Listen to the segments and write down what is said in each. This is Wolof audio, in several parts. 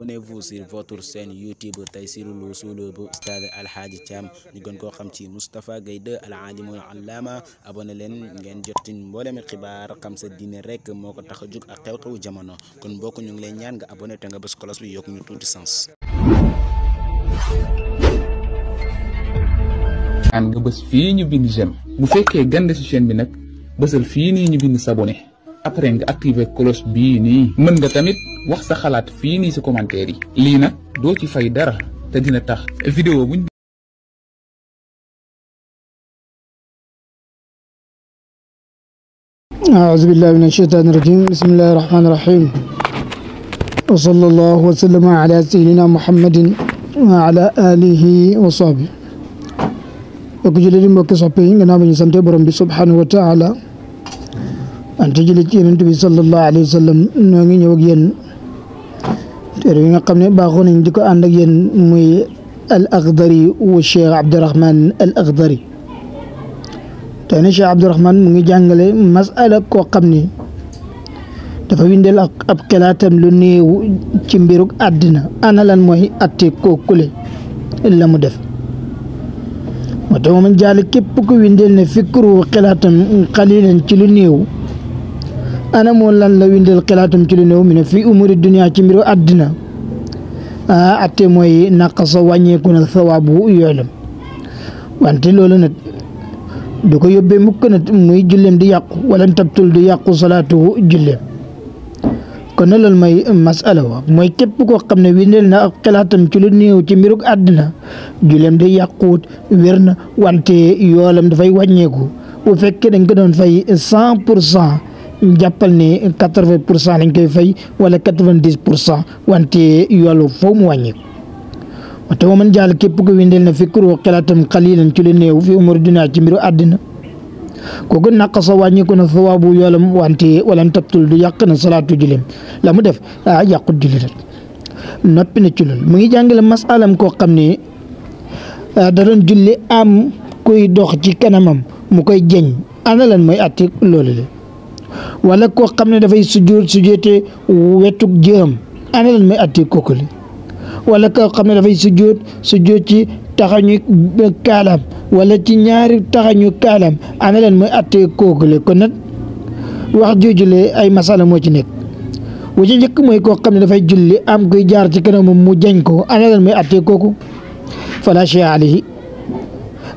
Abonnez-vous sur votre chaîne YouTube Taysiroul Wousoul bu koo xam ci Moustapha Gueye 2 al alimul allama abonné leen ngeen jotin mboolemi xibaar xam sa diine rek moo ko tax a jóg ak kon mbokk ñu ngi lay ñaan nga abonné te nga bës cloche bi yokk ñu tuuti sens aan nga bës fii ñu bind j'aime bu fekkee gande ci bi nag bësal fii nii ñu bind s'abonner après nga activer cloche bii nii mën nga tamit wax sa xalaat fii nii si commentaire yi lii nag doo ci fay dara te dina tax vidéo buñ أعوذ بالله من الشيطان الرجيم بسم الله الرحمن الرحيم وصلى الله وسلم على سيدنا محمد وعلى آله وصحبه mbokk jullit yi mbokk soppe yi gannaaw ba ñu sante borom bi subhanahu wa taala ante jullit ci yonent bi sallallahu alayhi wa sallam noo ngi ñëw ak yéen téere yi nga xam ne baaxoo nañ di ko ànd ak yéen muy al akhdari wu cheikh abdurahman al akhdari ne cheikh abdurahman mu ngi jàngale masala koo xam ne dafa windeel ab xelaatam lu néew ci mbiruk àddina ana lan mooy atte kookule la mu def moo tax moom jaale képp ku windeel ne fikru xelaatam xalilan ci lu néew ana moo lan la windal xilaatum ci néew mi ne fii umuri dunia ci mbiru àddina ah atte mooy naqasa wàññeeku na sawaabu yoolam wante loolu nag du ko yóbbee mukk nag muy julleem di yàqu wala tabtul di yàqu salaatu julleem kon na loolu mooy masala wa mooy képp koo xam ne windeel na ak xalaatam ci lu néew ci mbirug àddina julleem di yàquut wér na wante yoolam dafay wàññeeku bu fekkee dañ ko doon fay cent pour cent jàppal ni quatre vingt pour cent lañ koy fay wala quatre vingt pour cent wante yolu foo mu wàññi te wa man jaal képp ko windeel na fikru xalaatam xalilan ci lu néew fi umur dunaa ci mbiru àddina kooku naq sa wàññiku na sawaabu yoolam wante wala tabtul du yàq na salaatu julim la mu def ah yàqut julli la noppi na ci loolu mu ngi jàngale masalam koo xam ne da doon am kuy dox ci kanamam mu koy jeñ ana mooy atti loolu la wala koo xam ne dafay sujjoot sujjoote wetug jëm ana lan mooy atte kooku la wala koo xam ne dafay sujjoot sujjoot ci taxañu kaalam wala ci ñaari taxañu kaalam ana leen mooy atte kooku la kon nag wax joojule ay masala moo ci nekk wu ci njëkk mooy koo xam ne dafay julli am kuy jaar ci kanamam mu jañ ko ana lan mooy atte kooku fala shay alayhi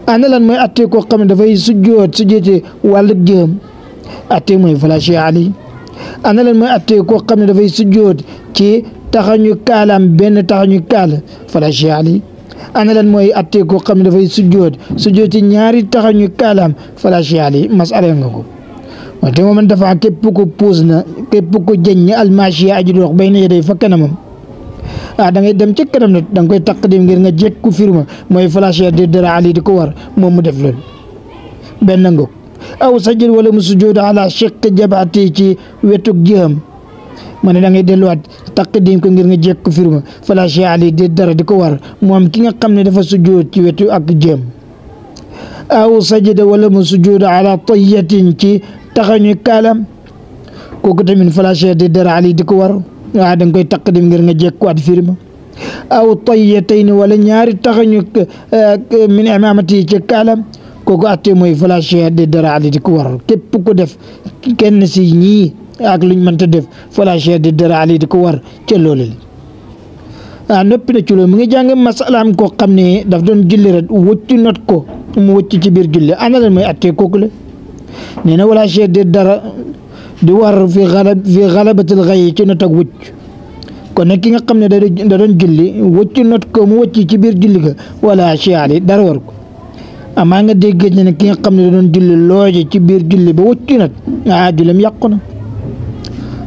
ana lan mooy atte koo xam ne dafay sujjoot sujjootee wàllu jëm atte mooy falaché ali ana lan mooy atte koo xam ne dafay sujjoot ci taxañu kaalaam benn taxañu kaal falaché ali ana lan mooy atte koo xam ne dafay sujjoot sujjoot ci ñaari taxañu kaalaam falaché ali masala nga ko wante moom man dafa képp ko puus na képp ko jëñ almachia aji dox bay na ya day fa kanamam ah da ngay dem ci kanam nag danga koy koy taqdim ngir nga jekku firma mooy flash de dara ali di ko war moom mu def loolu benn ngóob aw sajid wala mu sujud ala shiq jabaati ci wetu jëm ma ne da delluwaat taqdim ko ngir nga jekk firma fala shi ali di dara di ko war moom ki nga xam ne dafa sujud ci wetu ak jëm aw sajida wala mu sujud ala tayatin ci taxañu kaalam kooku tamit fala shi di dara ali di ko war waaw da nga koy taqdim ngir nga jekkuwaat firma aw tayatayn wala ñaari taxañu eh, min imamati ci kaalam kooku attee mooy fala chey de dara di ko war képp ku def kenn si ñii ak luñ mënta def fala chey de dara alati ku war ca loolu ah noppi na ci mu ngi jàng masalaam koo xam ne daf doon julli rek wëccu not ko mu wëcc ci biir julli ana lan mooy kooku la nee na wala chey de dara di war fi xala fi xalabatil xay ci not nag ki nga xam ne da doon julli wëccu not ko mu wëcc ci biir julli wala chey ali dara war ko amaa nga déggee ne ki nga xam ne da doon julli looje ci biir julli ba wëccu nag ah julleem yàqu na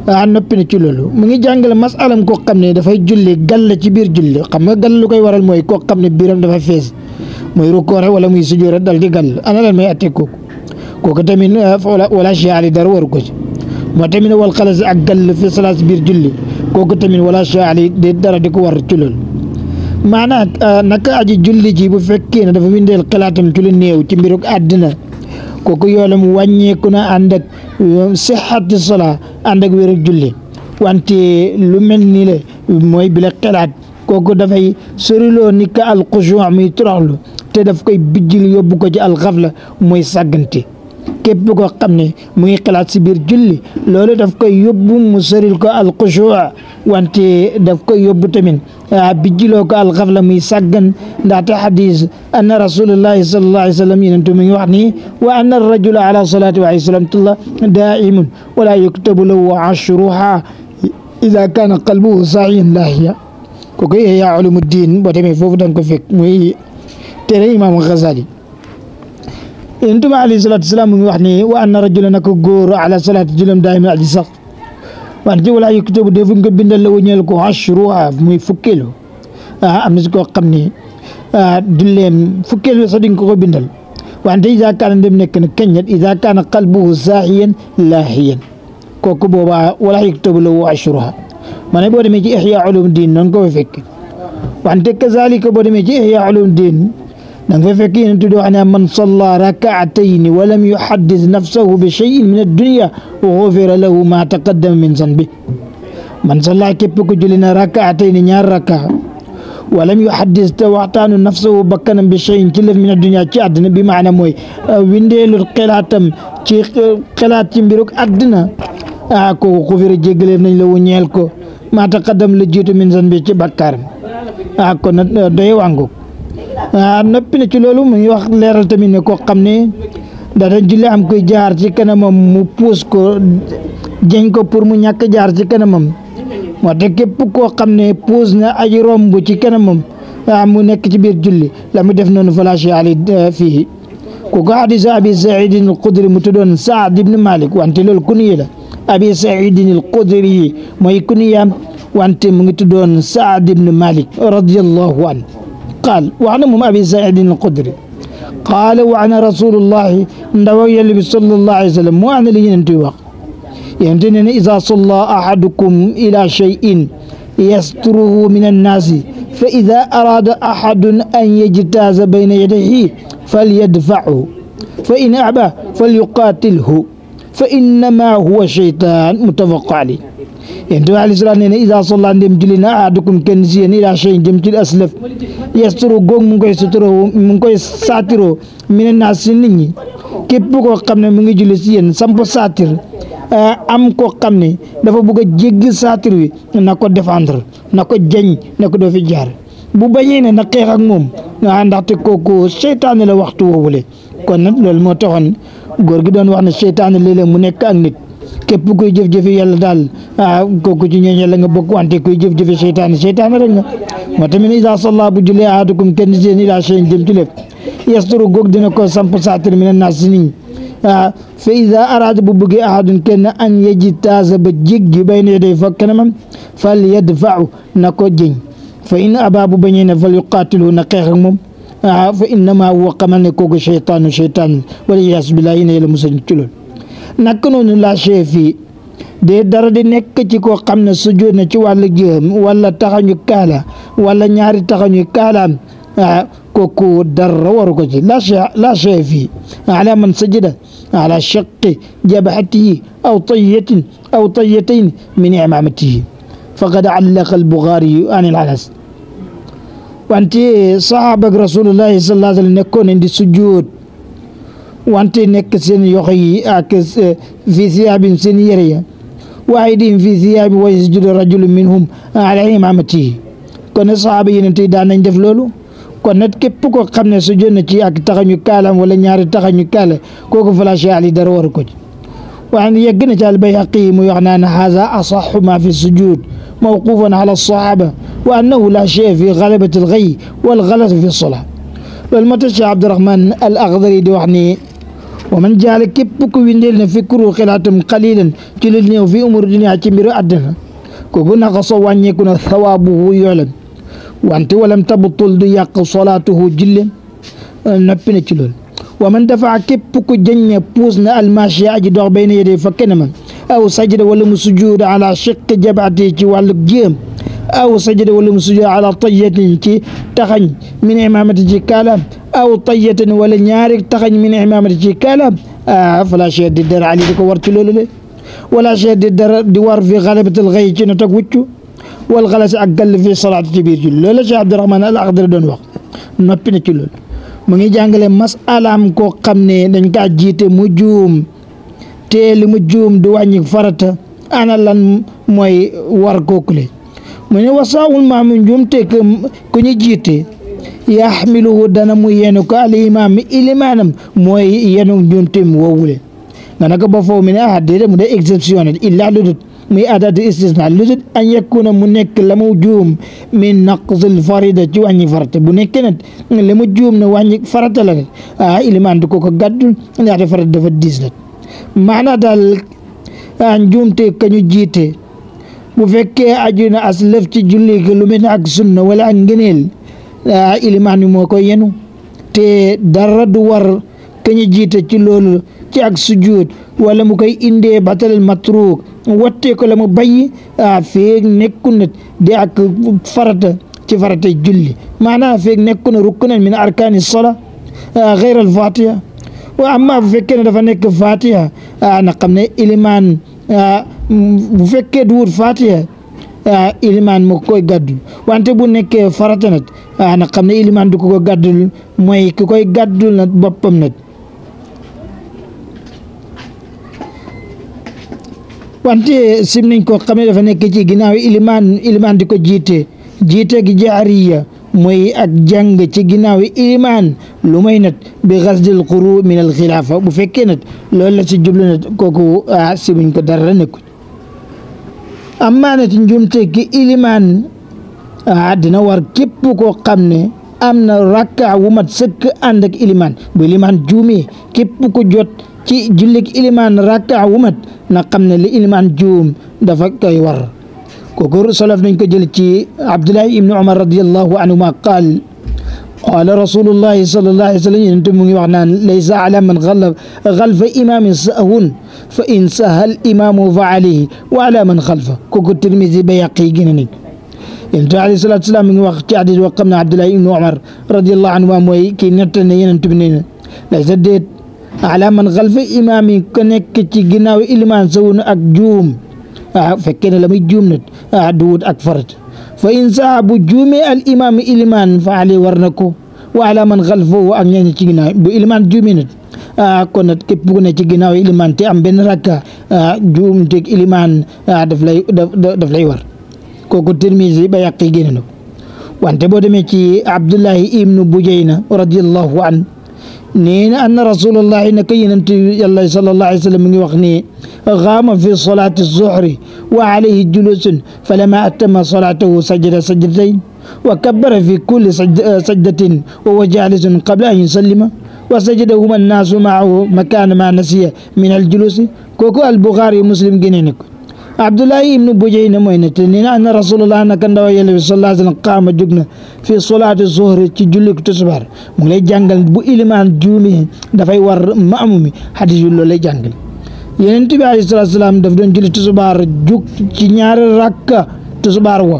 ah noppi na ci loolu mu ngi jàngale masalam koo xam ne dafay julli gàll ci biir julli xam nga gàll lu koy waral mooy koo xam ne biiram dafa fees mooy rukkoore wala muy sujjóot dal di gàll ana lan may atte kooku kooku tamit ah, wala chaali dara waru ko ci moo tamit wal xalas ak gàll fi salaas biir julli kooku tamit wala chaali di dara di ko war ci loolu maanaam euh, naka aji julli ji bu fekkee ne dafa windeel xalaatam ci lu néew ci mbiruk àddina kooku yoolam wàññeeku na ànd ak euh, sixati sola ànd ak wér ak julli wante lu mel ni le mooy bi la xalaat kooku dafay soriloo ni ka alxujuum muy toroxlu te daf koy bijjil yóbbu ko ci alxafla mooy sàggante képp koo xam ne mu ngi xalaat si biir julli loolu daf koy yóbbu mu soril ko alxushua wante daf koy yóbbu tamit bijjiloo ko alxafla muy sàggan ndaxte xadis anna rasulullahi sallallahu alayhi wa sallam yenentu mi ngi wax ni wa anna arrajula ala salati alayhi salamtullah daimun wala yuktabu lahu ashruha ida kaana qalbuhu saayan laahiya ko koy yaa ulumuddin boo tamit foofu danga ko fekk muy tere imam Ghazali yonent bi alayhi salaatu wasalaam mu ngi wax ni wa anna rajulan naka góor ala salaati julam daayiman aji sax wante ci walaa yuktabu defu nga bindal la wuñeel ko ashruha ah, muy fukkeelu ah am na si koo xam ni ah, dulleem fukkeelu sax di nga ko bindal wante iza kaana dem nekk na kaññat iza kaana qalbuhu saahiyan laahiyan kooku boobaa walaa yuktabu lahu ashruha ah. ma ne boo demee ci ihya ulum diin noonu ko fekk wante kazalika boo demee ci ihya ulum diin da nga fay fekk yonent bi wax ne man salla rakaatayni wa lam yuhaddis nafsahu bi cheyin min addunia xufira lahu ma taqaddama min zanbi man salla képp ku julli na rakaatayni ñaar raka wa lam yuhaddis te waxtaanu nafsahu bakkanam bi cheyin ci lëf min addunia ci àddina bi maana mooy euh, windeelu xelaatam ci euh, xelaat ci mbiruk àddina a ah, ko xufira jéggaleef nañ la wu ñeel ko ma taqaddam la jiitu min zanbi ci bakkaar a ah, euh, ko na ah noppi na ci loolu mu ngi wax leeral tamit na koo xam ne dara julli am koy jaar ci kanamam mu puus ko jeñ ko pour mu ñàkk jaar ci kanamam moo tax képp koo xam ne puus na aji romb ci kanamam ah mu nekk ci biir julli la mu def noonu fala shay fii ku ko hadisu abi saidin al xudri mu tuddoon saad ibn malik wante loolu kuniya la abi saidin al xudri yi mooy kuniyaam wante mu ngi tuddoon saad ibn malik radiallahu anhu قال وعن أم أبي سعيد القدري قال وعن رسول الله نوي اللي صلى الله عليه وسلم وعن اللي انتوا يمتنن إذا صلى أحدكم إلى شيء يستره من الناس فإذا أراد أحد أن يجتاز بين يديه فليدفعه فإن أعبى فليقاتله فإنما هو شيطان متفق عليه yonent bi alayhi salaam nee na isa solla ndem julli na ahadukum kenn si yéen ila shay jëm ci aslëf yasturu góog mu ngi koy suturoo mu ngi koy saatiroo mine naa si nit ñi képp koo xam ne mu ngi julli si yéen samp saatir ah, am koo xam ne dafa bugg a jéggi saatir wi na ko défendre na ko jañ na ko doo fi jaar bu bañee ne na xeex ak moom ah ndaxte kooku seytaane la waxtu woowule kon nag loolu moo taxoon góor gi doon wax na seytaane léeg mu nekk ak nit képp kuy jëf-jëfe yàlla daal ah kooku ci ñooñu la nga bokk wante kuy jëf-jëfe seytaane seytaane rek nga moo tamit isa salla bu julee ahadukum kenn seen ilaa cheyin jëm ci lépp yasturu goog dina ko samp saatir mina naas si niñ ah fa ida araada bu bëggee ahadun kenn an yeji taasa ba jéggi bayna yaday fa kanamam fal yadfau na ko jëñ fa in abaa bu bañee ne fal yuqaatilu na xeex ak moom ah fa innama huwa xamal ne kooku seytaanu seytaan wala yaas billahi ne yàlla musal ci loolu naka noonu la chef yi de dara di nekk ci koo xam ne sujjóot na ci wàllu jëm wala taxañu kaala wala ñaari taxañu kaalaam ah kooku dara waru ko ci la la chef yi ala man sajada ala shaqi jabhatihi aw tayyatin aw tayyatayn min imamatihi faqad allaqa al-Buxaari an al-Anas wante saxaaba ak rasulullahi sallallahu alayhi wa sallam nekkoon di sujjóot وانتي نك سن يخي اك آه، في ثياب سن يريا وعيدين في ثياب ويسجد رجل منهم آه، على امامته كون صحابي نتي دان نديف لولو كون نت كيب كو خامن سجد نتي اك تخاني كالام ولا نياري تخاني كال كوكو فلا علي دار وركوج وعن يقن جال البيهقي ميغنان هذا اصح ما في السجود موقوفا على الصحابه وانه لا شيء في غلبه الغي والغلط في الصلاه. بل عبد الرحمن الاغدري دوحني wa man jaala képp ku windeel na fikru xilaatam xalilan ci lu néew fi umur dunia ci mbiru àddina kooku naka soo wàññeeku na sawaabuhu yoolam wante walam tabutul du yàq solaatuhu jullem noppi ci lool wa man dafa képp ku jëññe puus na almachia aji dox bay na yedee fa kanamam aw sajada wala mu sujuuda ala chiqi jabaati ci wàllug jéem aw sajada wala mu sujuuda ala tayatin ci taxañ min imaamati ci kaalaam aw tayatan wala ñaari taxañ min imaamati ci kaala ah fala chey di dara ali ko war ci loolu le wala chey di dara di war fi xalabatal xëy ci na tag wuccu wal xalas ak gàll fi salaatu ci biir julli loolu la Cheikh Abdourahman al Axdari doon wax noppi na ci loolu mu ngi jàngale masalaam koo xam ne dañ kaa jiite mu juum te li mu juum du wàññi farata ana lan mooy war kookule mu ne wasaawul maam njuum te ku ñu jiite yaxmiluhu dana mu yenu ko al imaam ilimaanam mooy yenu njuntim woowule nga naka ba foofu mi ne ah déedéet mu dee exceptionnel illaa lu dut muy adaatu istisna lu dut an yakuna mu nekk la mu juum min naqsil farida ci wàññi farata bu nekkee nag la mu juum ne wàññi farata la nag ah, ilimaan du ko ko gàddu ndaxte farata dafa diis nag maanaa daal ah njuumte kañu jiite bu fekkee aju na as ci julli lu mel ne ak sunna wala ak ilimaan bi moo koy yenu te dara du war kañu jiite ci loolu ci ak sujud wala mu koy indee batalal matruk wattee ko la mu bayyi a feeg nekku na di ak farata ci farata julli maanaam feeg nekku na ruknan min arkaani sola xeyra fatiha wa bu fekkee ne dafa nekk fatiha na xam ne ilimaan bu fekkee duwut fatiha Eh, ilimaan moo koy gàddul wante bu nekkee farata nag ah, na xam ne ilimaan di ko ko gàddul mooy koy gàddul nag boppam nag wante sim nañ ko xam ne dafa nekk ci ginnaaw ilimaan ilimaan di ko jiite jiite gi jaariya mooy ak jàng ci ginnaaw ilimaan lu may nat bi xasdil quru min al xilaafa bu fekkee nag lool la ci jublu nag kooku ah, simuñ ko dara nekkul amaanati njumte ki ilimaan ah dina war képp ko xam ne am na rakka wu mat sëkk ànd ak ilimaan bu ilimaan juumee képp ko jot ci jullik ilimaan rakka wu mat na xam ne li ilimaan juum dafa koy war kooku solof nañ ko jël ci Abdullahi ibnu Umar radiyallahu anhuma qaal qaala rasulullahi sallallahu alayhi wa mu ngi wax naan laysa ala man xalfa imamin sahwun فإن سهى الإمام فعليه وعلى من خلفه كوكو الترمذي بيقي جنني ينتهى عليه الصلاة والسلام من وقت عدد وقمنا عبد الله بن عمر رضي الله عنه واموي كي نتنى ينتبنين ليس ديت على من خلف إمامي كنك إلي ما سون أكجوم آه، فكنا لم يجومنا أعدود آه، أكفرت فإن سحب جوم الإمام إلي ما نفعلي ورنكو وعلى من خلفه وأن ينتجنا بإلمان جومينت Ah, kon nag képp ku ne ci ginnaaw ilimaan te am benn rakka ah, juum teg ilimaan ah, daf lay daf lay war kooku Tirmisi ba yàq yi génne na wante boo demee ci Abdullahi ibnu Bujayna radiyallahu an nee na anna rasulullahi naka yonent yàlla sallallahu alayhi wa sallam mi ngi wax ne xaama fi solati zuhri wa alayhi julusun falama atama solatahu sajada sajdatain wa kabbara fi kulli sajdatin wa huwa jalisun qabla an yusallima wasajadahuma annaasu maahu makaan ma nasiya min aljulusi kooku albuxaari muslim génne na ko abdullahi ibnu bujayna mooy te nee anna rasulullah naka ndawa yàlla bi sallallahu alayhi wa sallam fi solaati zuhri ci jullik tisbaar mu lay jàngal bu ilimaan juumee dafay war maamumi xadis yu loolu lay ci ñaari rakka tisbaar wa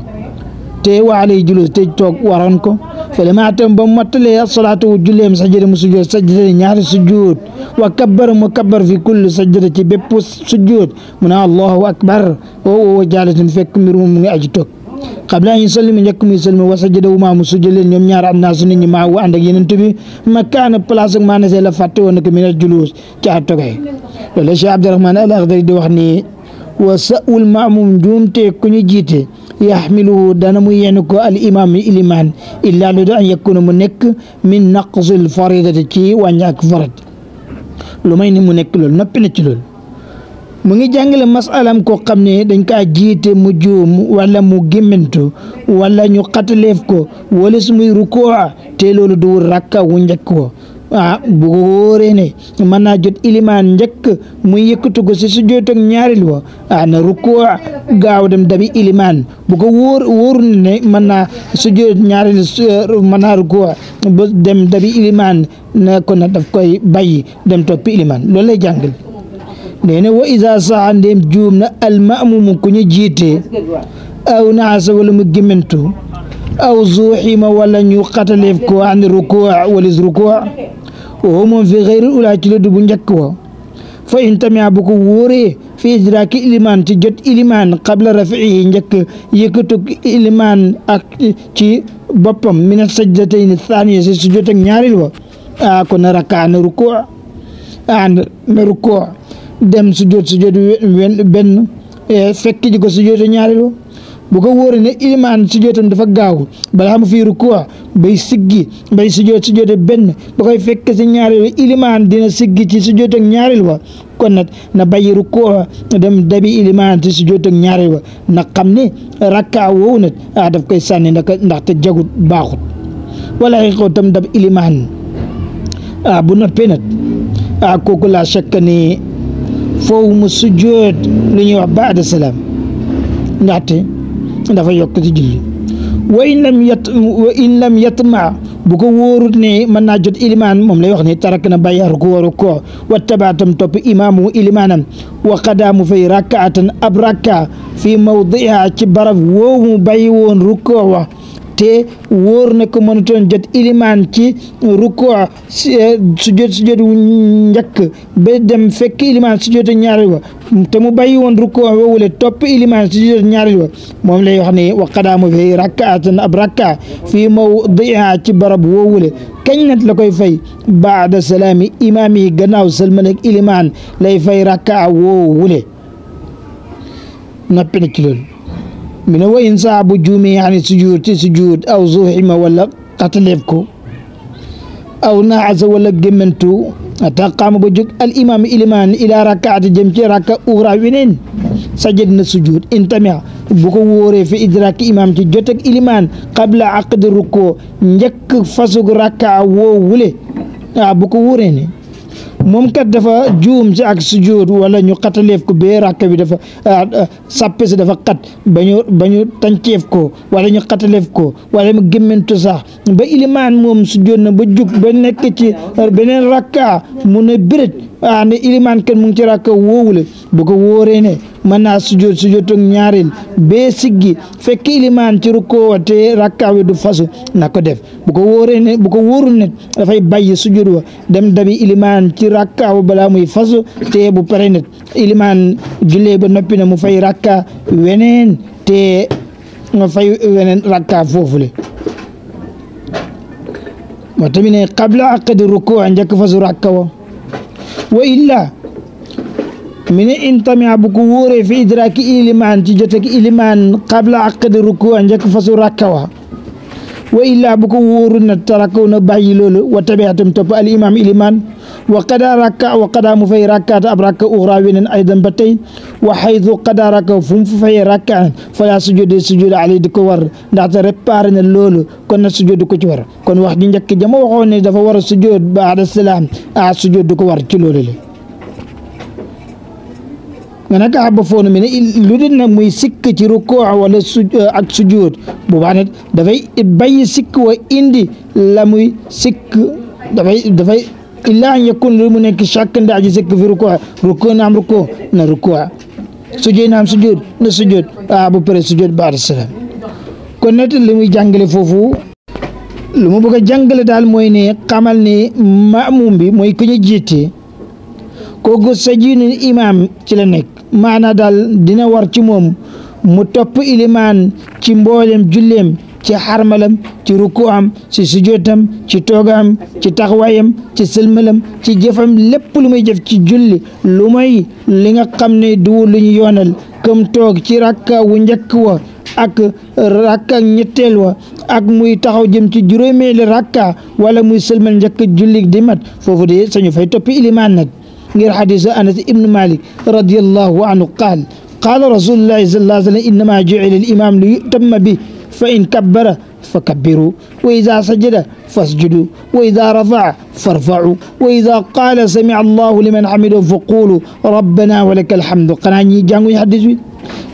te wa alayhi julus te toog waroon ko fele ma tam ba mottalee asalaatu julleem sajjada mu sujjood sajjada ñaari sujjood wa kabbar mu kabbar fi kulli sajjada ci bépp sujjood mu ne allahu akbar oo oo jaalisun fekk mbir mu ngi aji toog qabla an yusallima njëkk muy salmi wa sajjada wu maa mu sujjood leen ñoom ñaar annaasu nit ñi maa wa ànd ak yeneen tubi makaana place ak maa nasee la fàtte woon ko mina julus ci a togay loolu Cheikh Abdourahmane al Akhdari di wax ni wa sa'ul maamum njuumte ku yaxmiluhu dana mu yenu ko al imaam ilimaan illaa lu daan yakuna mu nekk min naqsil faridati ci wàññi ak farat lu may ni mu nekk loolu noppi na ci loolu mu ngi jàngale masalam koo xam ne dañ kaa jiite mu juum wala mu gémmantu walla ñu xataleef ko wala su muy rukkoo te loolu du rakka wu njëkk ko ah bu wóoree ne naa jot ilimaan njëkk muy yëkkatu ko si sujjoot ak ñaaril wa ah na rukkoo gaaw dem dabi ilimaan bu ko wóor wóoru ne mën naa sujjoot ñaaril mën naa rukkoo ba dem dabi ilimaan na ko na daf koy bàyyi dem toppi ilimaan loolu lay jàngal nee wa isa saxa ndeem juum na almamumu ku ñu jiite aw naasa wala mu aw zuuxima wala ñu xataleef ko an rukuu walis rukuu wa moom fi xëyri ulaa ci laddu bu njëkk wa fa in tamia bu ko wóoree fi idraaki ilimaan ci jot ilimaan qabla rafiihi njëkk yëkkatug ilimaan ak ci boppam mina sajdatayni thaaniya si su jot ak ñaaril wa a ah ko na rakaa na rukuu a na rukuu dem su jot su eh, wa bu ko wóoree ne ilimaan sujootam dafa gaaw balaa mu fi rukuwa bay siggi bay sujoot sujoote benn ba koy fekk si ñaareel wa ilimaan dina siggi ci sujoot ak wa kon nag na bàyyi rukuwa dem dabi ilimaan ci sujoot ak wa na xam ne rakka woowu nag ah daf koy sànni ndax ndaxte jagut baaxut wala xeexoo tam dab ilimaan ah, bu noppee nag ah kooku laa shakka ne foofu mu sujoot lu ñuy wax baada salaam ndaxte. dafa yokk ci julli wa in lam yat wa in lam yatma bu ko wóorut ne mën naa jot ilimaan moom lay wax ne tarak na bàyyi ruku waru ko wa tabaatam topp imaamu ilimaanam wa qadaamu fay rakkaatan ab rakka fii mawdiha ci barab woowu mu bàyyi woon rukkoo wa te wóor na ko mënutoon jot ilimaan ci rukoo eh, sujjoot sujjoot wu njëkk ba dem fekk ilimaan sujjoot ñaareel wa te mu bàyyi woon rukoo wowule topp ilimaan sujjoot ñaareel wa moom lay wax ne waqadaamu fi rakkaatan ab rakka fii mawdiha ci barab woowule kañ la koy fay baada salaami imaam yi gannaaw salman ak ilimaan lay fay rakka woowule noppi na ci loolu mi ne wa in saa bu juumee ani sujud ci sujud aw zuxima wala ko aw naasa wala gémmantu ata qaama ba jóg al ilimaan ila rakaati jëm ci raka uxra weneen sajad na sujud fi idraak imaam ci jot ilimaan qabla aqdi rukkoo njëkk fasug raka woo wule bu ko wóoree ne moom kat dafa juum si ak sujud wala ñu xataleef ko bee rakk bi dafa ah, ah, sàppe si dafa xat ba ñu ba ñu tànceef ko wala ñu xataleef ko wala mu gémmantu sax ba ilimaan moom sujud na ba jug ba nekk ci beneen rakka mu ne béret ah ne ilimaan kenn mu ngi ci rakka woowule bu ko wóoree ne mën naa sujjóot sujjóotug ñaareel bee siggi fekk ilimaan ci rukkoo te rakka wi du fasu na ko def bu ko wóoree dafay bàyyi sujjóot wa dem dabi ilimaan ci rakka wa balaa muy fasu te bu pare net ilimaan jullee ba noppi na mu fay rakka weneen te mu fay weneen rakka foofule moo tamit ne qabla aqdi rukkoo njëkk fasu rakka wa wa illa من إن تمع بكور في إدراك إلمان تجتك إلمان قبل عقد الركوع عندك فصور فسركوا وإلا بكور نتركون بعيلول وتبعتم تب الإمام إلمان وقد ركع وقد مفي ركع أبرك أغراوين أيضا بتي وحيث قد ركع فمفي ركع فلا سجود سجود علي دكور نعت ربارن اللول كن سجود كتور كن واحد جك جمع وقوني دفور سجود بعد السلام أع سجود كور كلولي nga nekk àbba foonu mi ne lu dul nag muy sikk ci rukkoo wala su euh, ak sujud boobaa nag dafay bàyyi sikk wa indi la muy sikk dafay dafay illaa an lu mu nekk chàkk ndaa ji sikk fi rukkoo rukkoo rukkoo na rukkoo sujud na am ah, na sujud a ba pare sujud baada salaam kon nag li muy jàngale foofu lu mu bëgg a jàngale daal mooy ne xamal ne maamum bi mooy ku ñu jiite kooku sajiinul imaam ci la nekk maana daal dina war ci moom mu topp ilimaan ci mboolem julleem ci xarmalam ci rukuam ci sujootam ci toogaam ci taxawaayam ci sëlmalam ci jëfam lépp lu muy jef ci julli lu may li nga xam ne du lu ñu yoonal këm toog ci rakka wu njëkk wa ak rakka ñetteel wa ak muy taxaw jëm ci juróomeeli rakka wala muy sëlmal njëkk julli di mat foofu de sañu fay toppi ilimaan nag غير حديث أنس ابن مالك رضي الله عنه قال قال رسول الله صلى الله عليه وسلم إنما جعل الإمام ليؤتم به فإن كبر فكبروا وإذا سجد فاسجدوا وإذا رفع فارفعوا وإذا قال سمع الله لمن حمده فقولوا ربنا ولك الحمد قناني جانغو حديث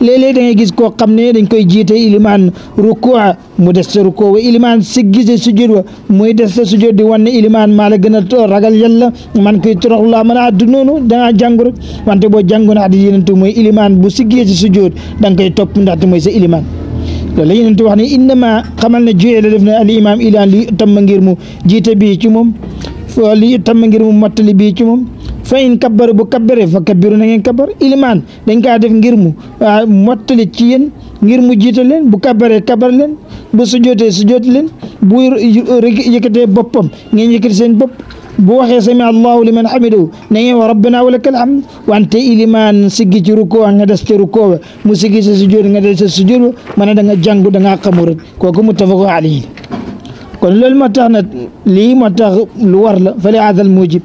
léeg-léeg da ngay gis koo xam ne dañ koy jiite ilimaan rukuwa mu des sa rukuwa wa ilimaan si gise sujud wa muy des sa sujud di wan ne ilimaan maa la gën a ragal yàlla man koy toroxlu laa mën a addu noonu dangaa jàngur wante boo jàngoon addi yenentu mooy ilimaan bu si gise sujud da nga koy topp ndaxte mooy sa ilimaan loolu la yenentu wax ne innama xamal ne joyee la def na al imaam ilaan li tamma ngir mu jiite bii ci moom li tamma ngir mu mattali bii ci moom fa in kabbara bu kabbare fa kabbiru na ngeen kabbar ilimaan dañ kaa def ngir mu ah, mottali ci yéen ngir mu jiital leen bu kabbaree kabbar leen bu sujootee sujoot leen bu yëkkatee boppam ngeen yëkkati seen bopp bu waxee sami allahu liman hamidahu na ngeen wax rabbana wa lakal hamd wante ilimaan siggi ci rukkoo nga des ca rukkoo ba mu siggi sa sujoot nga des sa sujoot ba na danga da nga jàngu da mu xamu rek kooku muttafaqu kon loolu moo tax nag lii moo tax lu war la fali aadal mujib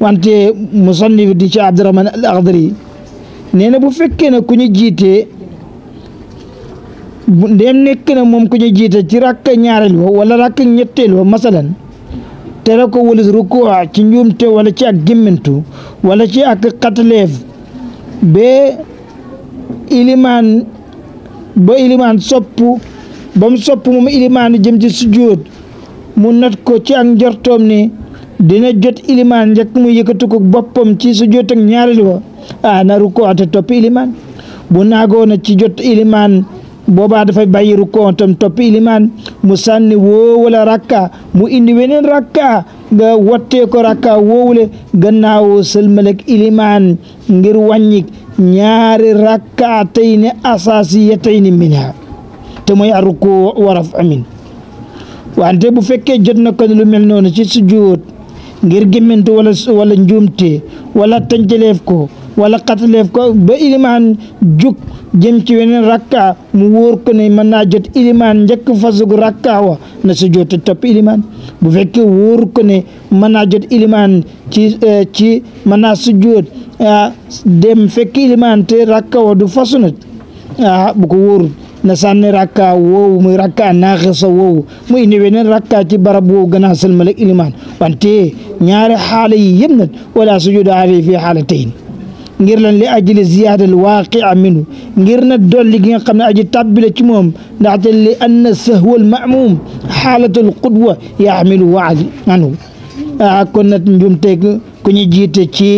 wante musannif di ci Abdurahman al Akhdari na bu fekkee ne ku ñu jiite dem nekk moom ku ñu jiite ci rakk ñaareel wa wala rakk ñetteel wa masalan tere ko walis rukuwa ci njuumte wala ci ak gémmintu wala ci ak xataleef ba ilimaan ba ilimaan sopp ba mu moom ilimaan jëm ci sujjóot mu not ko ci ak njortoom ne dina jot ilimaan njëkk mu yëkkatu ko boppam ci su jot ak ñaareel wa ah na rukkoo te topp bu naagoo na ci jot ilimaan boobaa dafay bàyyi rukkoo tam topp ilimaan mu sànni woowu rakka mu indi weneen rakka nga wattee ko rakka woowule gannaaw sëlmalek ilimaan ngir wàññi ñaari rakka tey ne asaasiyatayni minha te mooy a rukkoo waraf amin wante bu fekkee jot na ko mel noonu ci sujjoot ngir gémmantu wala wala njuumte wala tëncaleef ko wala xataleef ko ba ilimaan jug jëm ci weneen rakka mu wóor ko mën naa jot ilimaan njëkk fasugu rakka wa na su joote topp ilimaan bu fekk wóor ko ne mën naa jot ilimaan ci e, ci mën naa su joot dem fekk ilimaan te rakka wa du fasunat bu ko wóorul na sànni rakka woowu muy rakka naaxisa woowu mu indi weneen rakka ci barab woowu gannaaw sëlmal ak ilimaan wante ñaari xaala yi yëpp nag wala sujuuda alayhi fi xaalatayn ngir lan li ajli ziyaada al waaqia ngir na dolli gi nga xam ne aji tàbbile ci moom ndaxte li anna sahwa al maamum xaalatu al qudwa yaxmiluhu anhu ah, kon nag ku ñu jiite ci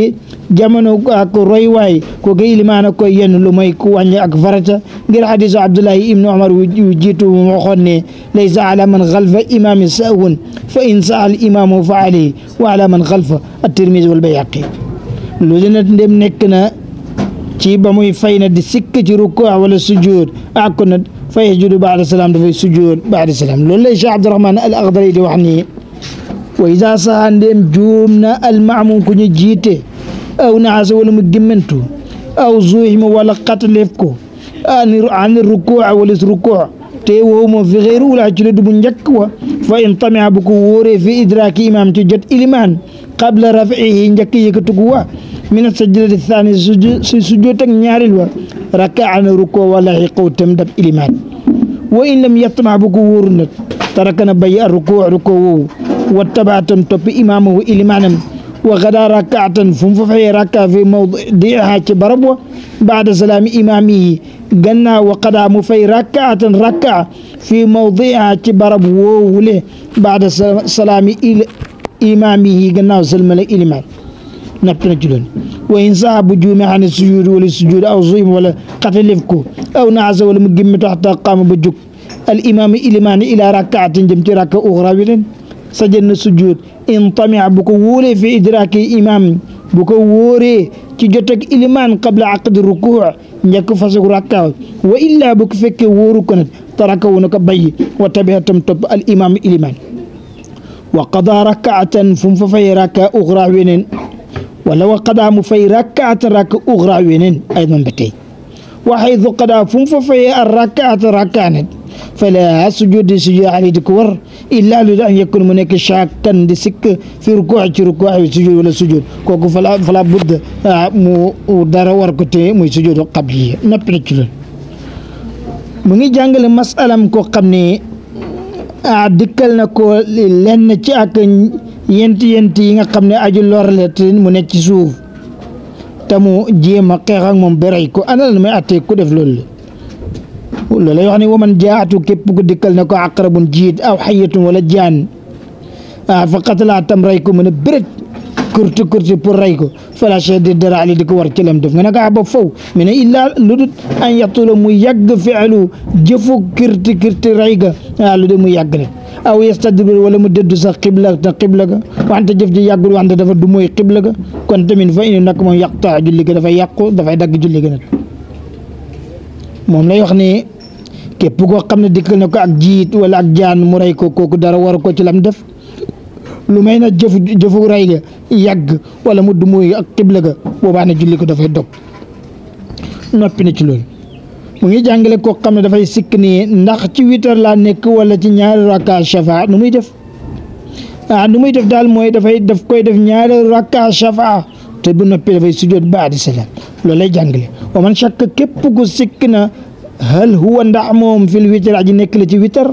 jamono ak roywaay ko ga ilimaan koy yenn lu may ku wàññi ak farata ngir xadisu abdullahi ibnu umar wu jiitu mu waxoon ne laysa ala man xalfa imaami sawun fa in saal imaamu fa alayhi wa ala man xalfa at-tirmisi wal bayhaqi loolu nag ndem nekk na ci ba muy fay na di sikk ci rukku wala sujud ak nag fa yajudu baada salaam dafay sujud baada salaam loolu lay cheikh abdurahman al axdari di wax nii wa isa saha ndem juum na almaamuum ku ñu jiite au naasa wala mu gémmantu aw zuuxima wala xataleef ko ani rukuuca walis rukuuc te woo moom fi xeeru ula ci du bu njëkk wa fa in tamia bu ko wóoree fi idraaki imaam ci jot ilimaan qabla rafihi njëkk yëkkatugu wa min sajjadati thaani si sujjoot ak ñaaril wa rakaa na rukkoo wa laxiqoo tam dab ilimaan wa in lam yatma bu ko wóoru nag tarakana bay a rukkoo rukkoo woowu wa tabaatam topp imaamahu ilimaanam وغدا ركعة فنففعي ركعة في موضعها كبربوة بعد سلام إمامه قلنا وقد مفي ركعة ركعة في موضعها كبربوة وله بعد سلام إمامه قلنا وسلم الإمام نبتنا جلون وإن صعب جومي عن السجود والسجود أو ظيم ولا قتل لفكو أو نعز ولا مقيم حتى قام بجوك الإمام إلمان إلى ركعة جمت ركعة أخرى سجن السجود ان انطمع بكووري في إدراك الإمام بكووري تجتك إلمان قبل عقد الركوع نيكو فاسق ركاو وإلا بكفك وورو كنت تركو نكبي وتبهتم تب الإمام إلمان وقضى ركعة ففي ركا أغرى وينين ولو قضى مفي ركعة ركا أغرى وينين أيضا بتي وحيث قضى ففي الركعة ركانت fala sujudi sujud ali di ko war illa lu an yakun mu nekk shakkan di sikk fi rukuu ci rukuu ay sujud wala sujud kooku fala fala budd mu dara war ko te muy sujudu qabli noppi na ci loolu mu ngi jàngale masalam koo xam ni a dikkal na ko lenn ci ak yenti yenti yi nga xam ne aju lorle te mu nekk ci suuf te mu jéem a xeex ak moom berey ko ana la may attee ku def loolu la lay wax ne waman jaatu képp ku dikkal ne ko aqrabun jiit aw xayatun wala jaan ah fa tam ray ko mën a bërét kurti kurti pour ray ko fala che di dara ali di war ci lam def nga ne ko ah ba faw mi ne illaa lu dut an yatula mu yàgg fialu jëfu kirti kirti ray ga ah, lu dut mu yàgg rek aw yastadbir wala mu dëddu sax xibla te xibla ga wante jëf ji yàggul wante dafa du mooy xibla kon tamit fa inu nag moom yàqtaa julli ga dafay yàqu dafay dagg julli ga nag moom lay wax ne képp koo xam ne dikkal na ko ak jiit wala ak jaan mu rey ko kooku dara war koo ci lam def lu may na jëfu jëfu rey ga yàgg wala mu dumuy ak xibla ga boobaa ne julli ko dafay dog noppi na ci loolu mu jàngale koo xam ne dafay sikk nii ndax ci witar laa nekk wala ci ñaari rakka nu muy def ah nu muy def daal mooy dafay daf koy def ñaari rakka shafa te bu noppi dafay sujjoot di salaam loolu lay jàngale wa man shakk képp ku sikk na hal huwa ndax moom fil witar aji nekk la ci witar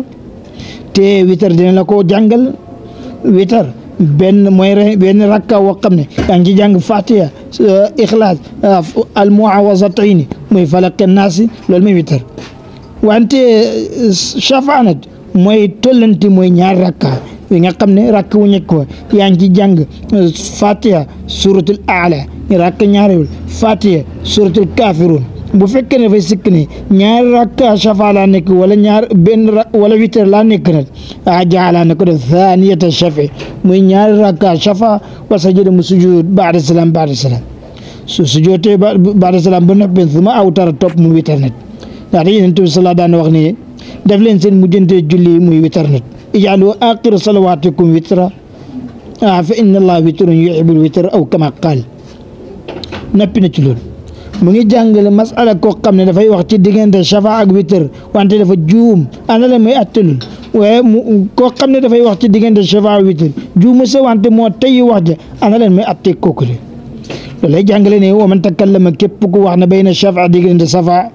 te witar dina la ko jàngal witar benn mooy benn rakka woo xam ne yaa ngi ci jàng fatiha euh, ixlaas euh, almuawazatayni muy falaq naasi loolu mooy witar wante euh, shafaa nag mooy tollanti mooy ñaar rakka wi nga xam ne rakk wu ñekk wa yaa ngi ci jàng fatiha suratul aala rakk ñaarewul fatiha suratul kafirun bu fekkene fay dafay sikk ni ñaari rakka shafa la nek wala ñaar ben wala witr la nek nag ah jaala na ko thaniyata shafa muy ñaar rakka shafa wa sajada mu ba'da salam ba'da salam salaam su sujootee baada salaam ba noppee suma ma awtara topp mu witr nag ndaxte Yonent bi sallallahu alaihi wa sallam wax ni def len sen mujjante julli muy witr nag ijalu aqir salawaatikum witra fa inna allaha witrun yuhibbul witr aw kama qaal noppi na ci loolu mu ngi jàngale masala koo xam ne dafay wax ci diggante shafa ak witr wante dafa juum ana la may attul waaye mu koo xam ne dafay wax ci diggante shafa ak witr juumu sa wante moo tey wax ja ana la may atte kooku le loolay jàngale ne wa man takallama képp ku wax na bayna shafa diggante safa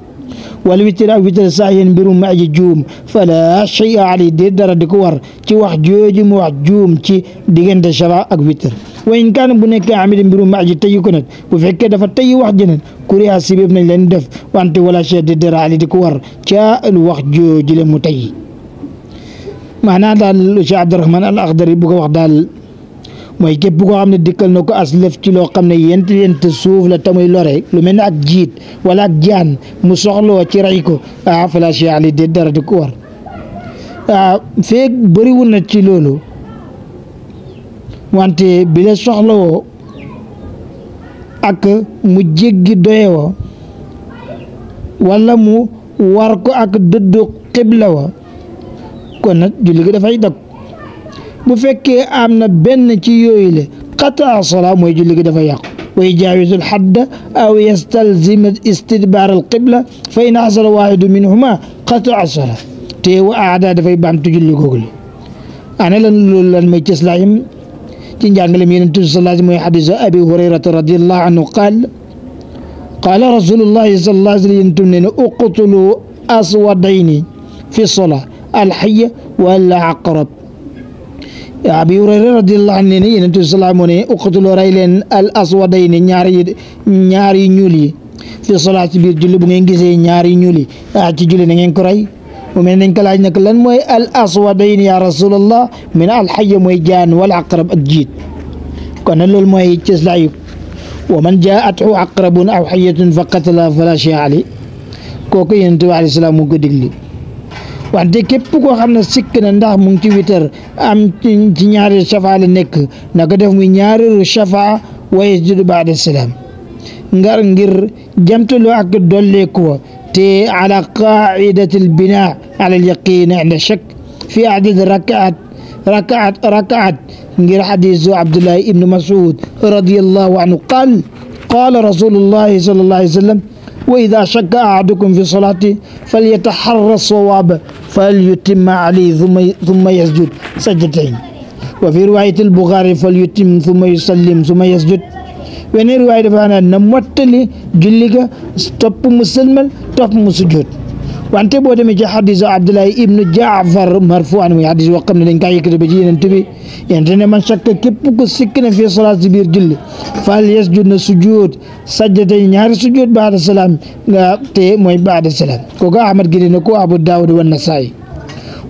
wal witr ak witr saahin mbirum ma aji juum fala shay'a ali de dara di ko war ci wax jooju mu wax juum ci diggante shafa ak witr wa in kaana bu nekkee amidi mbirum ma aji tey ko nag bu fekkee dafa tey wax jeneen kuréel sibib nañ leen def wante wala chef de dérali di ko war ca lu wax jooju la mu tey maanaa daal cheikh abdurahman al akhdari bu ko wax daal mooy képp koo xam ne dikkal na ko as ci loo xam ne yent yent suuf la tamuy lore lu mel ne ak jiit wala ak jaan mu soxloo ci rey ko ah fala cheikh ali di dara di ko war ah feeg bëriwul na ci loolu wante bi la soxlawoo ak mu jéggi doye wa wala mu war ko ak dëddu xibla wa kon nag julli gi dafay dog bu fekkee am na benn ci yooyu le xataa salaa mooy julli gi dafa yàqu wa yujaawizu alxadda aw yastalzim istidbaar alqibla fa in asala waaxidu minhuma xataa salaa te wa aada dafay baamtu julli googu le ana lan loolu lan mooy cëslaayam ci njàngalem Yonent bi sallallahu alayhi wa sallam mooy xadisu abi hurayrata radiallahu anhu qaal qaala rasulullahi sallallahu alayhi wa sallam Yonent bi nee na uqtulu aswadayni fi sola alxaya wal aqrab abi hurayra radiallahu anhu nee na Yonent bi sallallahu moo ne uqtulu rey leen al aswadayni ñaari ñaari ñuul yi fi sola ci biir julli bu ngeen gisee ñaari ñuul yi ah, ci julli na ngeen ko rey ومن إنك لا إنك لن مي الأصوبين يا رسول الله من الحي مي جان والعقرب الجيد كان له المي تسلع ومن جاءته عقرب أو حية فقتل فلا شيء عليه كوكي ينتبه عليه السلام وكدلي وعند كيف كو خمنا سكنا ندخ من تويتر أم تنياري الشفاء لنك نقدم من ياري الشفاء ويسجد بعد السلام ngar ngir jamtu lo ak dolle ko على قاعدة البناء على اليقين عند الشك في عدد الركعات ركعت ركعت غير حديث عبد الله بن مسعود رضي الله عنه قال قال رسول الله صلى الله عليه وسلم وإذا شك أحدكم في صلاته فليتحرى الصواب فليتم عليه ثم ثم يسجد سجدتين وفي رواية البخاري فليتم ثم يسلم ثم يسجد وين رواية فانا نموت لي جلك ستوب مسلما topp mu sujjoot wante boo demee ci xadisu Abdullahi ibnu Jaafar marfuan muy xadis boo xam ne dañ kaa yëkkati ba ci Yonent bi Yonent ne man shakka képp ku sikk na fii salaat si biir julli fal yasjud na sujjoot sajdatay ñaari sujjoot baada salaam nga te mooy baada salaam kooku Ahmad gi ne ko Abu Daawud wa Nasaayi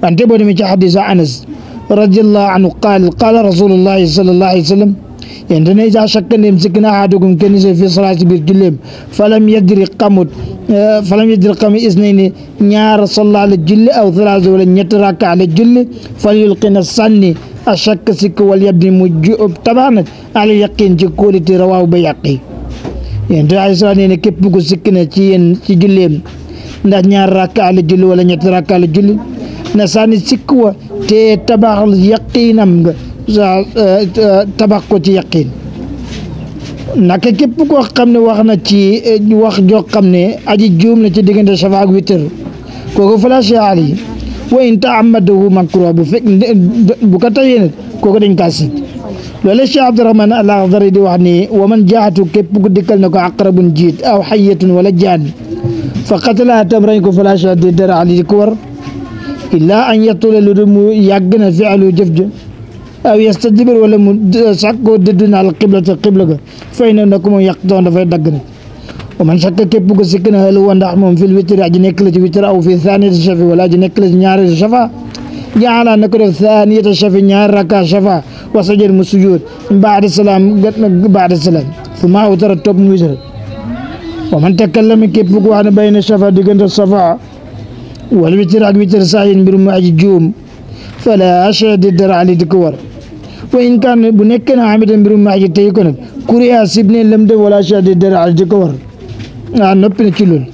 wante boo demee ci xadisu Anas radiyallahu anhu qaal qaala rasulullahi sallallahu alayhi wa sallam yanzu na ja shakka ne msikin ahadukum kan sai fi salati bir julem falam yadri qamut eh, falam yadri qam isnayn ñaar salla ala julli aw thalatha wala ñett rakka ala julli falyulqina sanni ashakka sikk wal yabni mujju tabanak ala yaqin ci kóolite rawaaw ba yàqi yanzu ay sala ne képp ku sikk na ci yéen ci julleem ndax ñaar rakka ala julli wala ñett rakka ala julli na sànni sikk wa te tabax yaqinam nga Eh, eh, tabax ko ci yaqin naka képp koo xam ne wax na ci eh, wax joo xam ne aji juum na ci diggante safa ak witr kooku fala siyaal yi wa in taamadahu makruh bu fekk bu ko tayee nag kooku dañ kaa sit loolu Cheikh Abdourahman Al-Akhdari di wax ni wa man jaatu képp ku dikkal na ko aqrabun jiit aw xayatun wala jaan fa qatalaa tam rañ ko fala siyaal di dara ali di ko war illaa an yatula lu du mu yàgg na fi'alu jëf ja أو يستدبر ولا سكو ددنا على القبلة القبلة أنكم يقطعون في دقنا ومن شك كيف سكن هل هو نحمهم في الوتر أجنكلة وتر أو في ثانية الشفي ولا أجنكلة نيار الشفا جعل نكر ثانية الشفي نيار ركا شفا وسجد مسجود بعد السلام بعد السلام ثم أوتر التوب وزر ومن تكلم كيف عن بين الشفا دقن الصفا والوتر وتر ساين برمع جوم fala shadid dara ali di ko war wa in kaan bu nekkee na amida mbirum aji tey ko nag kuri a sib ne lam de wala shadid dara di ko war a noppi ci loolu